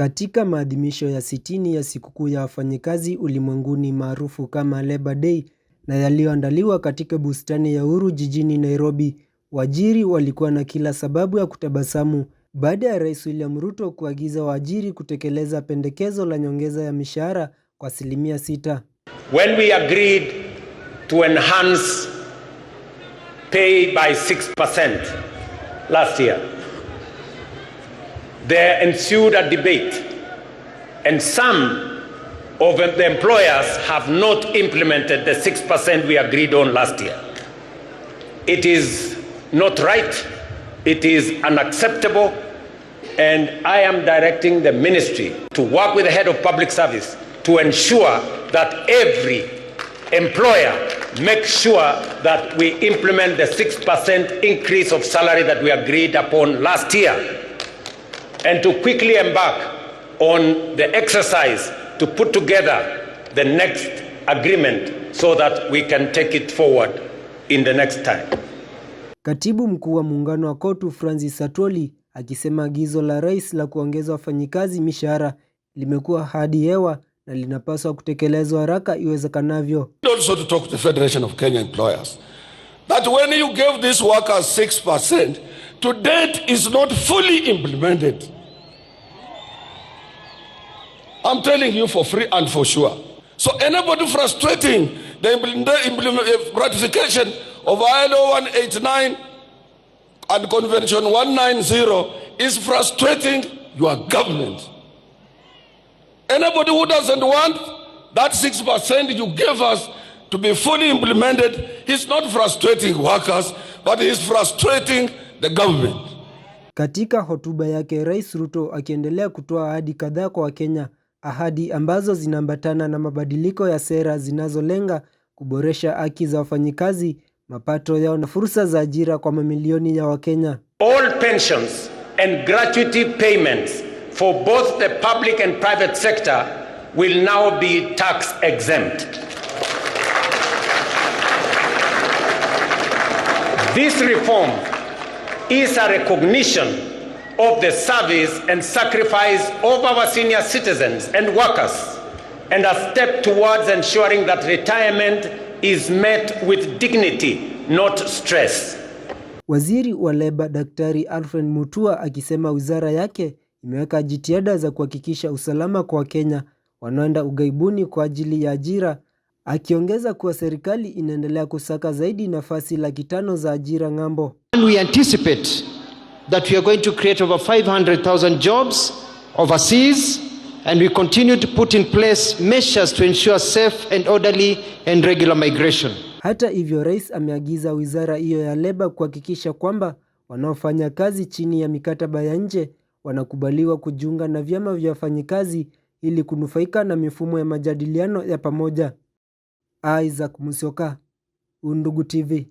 Katika maadhimisho ya sitini ya Sikukuu ya Wafanyikazi Ulimwenguni maarufu kama Labour Day na yaliyoandaliwa katika bustani ya Uhuru jijini Nairobi, waajiri walikuwa na kila sababu ya kutabasamu baada ya Rais William Ruto kuagiza waajiri kutekeleza pendekezo la nyongeza ya mishahara kwa asilimia sita. When we agreed to enhance pay by 6% last year There ensued a debate, and some of the employers have not implemented the 6% we agreed on last year. It is not right, it is unacceptable, and I am directing the ministry to work with the head of public service to ensure that every employer makes sure that we implement the 6% increase of salary that we agreed upon last year and to quickly embark on the exercise to put together the next agreement so that we can take it forward in the next time. Katibu mkuu wa muungano wa KOTU Francis Atwoli akisema agizo la rais la kuongeza wafanyikazi mishahara limekuwa hadi hewa na linapaswa kutekelezwa haraka iwezekanavyo. Also to talk to the Federation of Kenya Employers that when you gave these workers 6% to date is not fully implemented. I'm telling you for free and for sure. So anybody frustrating the, uh, ratification of ILO 189 and Convention 190 is frustrating your government. Anybody who doesn't want that 6% you gave us to be fully implemented, he's not frustrating workers, but he's frustrating the government. Katika hotuba yake, Rais Ruto akiendelea kutoa ahadi kadhaa kwa Wakenya, ahadi ambazo zinaambatana na mabadiliko ya sera zinazolenga kuboresha haki za wafanyikazi, mapato yao na fursa za ajira kwa mamilioni ya Wakenya. All pensions and gratuity payments for both the public and private sector will now be tax exempt. This reform is a recognition of the service and sacrifice of our senior citizens and workers and a step towards ensuring that retirement is met with dignity not stress. Waziri wa Leba Daktari Alfred Mutua akisema wizara yake imeweka jitihada za kuhakikisha usalama kwa Wakenya wanaoenda ughaibuni kwa ajili ya ajira akiongeza kuwa serikali inaendelea kusaka zaidi nafasi laki tano za ajira ng'ambo. We anticipate that we are going to create over 500,000 jobs overseas and we continue to put in place measures to ensure safe and orderly and regular migration. Hata hivyo, rais ameagiza wizara hiyo ya leba kuhakikisha kwamba wanaofanya kazi chini ya mikataba ya nje wanakubaliwa kujiunga na vyama vya wafanyikazi ili kunufaika na mifumo ya majadiliano ya pamoja. Isaac Musyoka, Undugu TV.